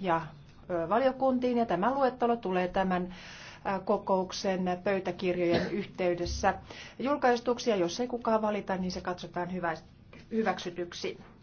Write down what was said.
ja valiokuntiin ja tämä luettelo tulee tämän kokouksen pöytäkirjojen yhteydessä julkaistuksi ja jos ei kukaan valita, niin se katsotaan hyväksytyksi.